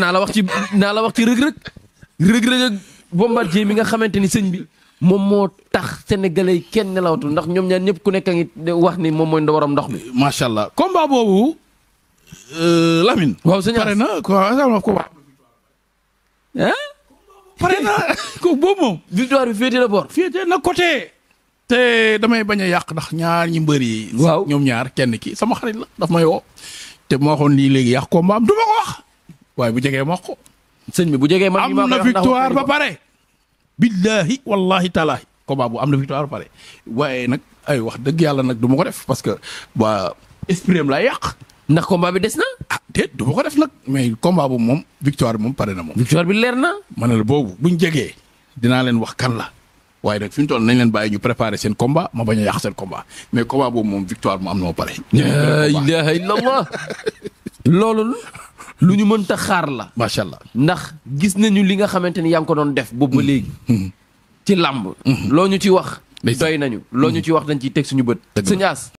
naa la wax ci naa la wax ci rëg-rëg rëg-rëg ak bombardier mi nga xamante ni sëñ bi moom moo tax sénégalais kenn nelawatul ndax ñoom ñaar ñëpp ku nekk a ngi wax ni moom mooy ndowaram ndox mi macha allah combat boobu euh, Lamine. waaw sëñ pare na ko ah. na ko boobu moom. boor. féetee na côté. te damay bañ a yàq ndax ñaar ñi mbër yi. waaw ñoom ñaar kenn ki sama xarit la daf may woo. te moo waxoon lii léegi yàq combat am ko wax. waaye bu jegee wax ko. sëñ bi bu jegee man am na victoire ba pare. billahi wallahi taalaahi combat bu am na victoire ba pare waaye nag ay wax dëgg yàlla nag du ma ko def parce que waa esprit am laa yàq. ndax combat bi des na. ah déet du ma ko def nag mais combat bu moom victoire bi moom pare na moom. victoire bi leer na. ma la boobu bu jegee dinaa leen wax kan la. waaye nag fi mu toll nañ leen bàyyi ñu préparer seen combat ma bañ a yàq seen combat mais combat boobu moom victoire mu am lu ñu mënta xaar la. macha allah ndax gis nañu li nga xamante ni yaa ngi ko doon def. boobu ma léegi. Mm-hmm. ci làmb. Mm-hmm. loo ñu ci wax. doy nañu loo ñu mm-hmm. ci wax dañ ciy teg suñu bët. sëñ As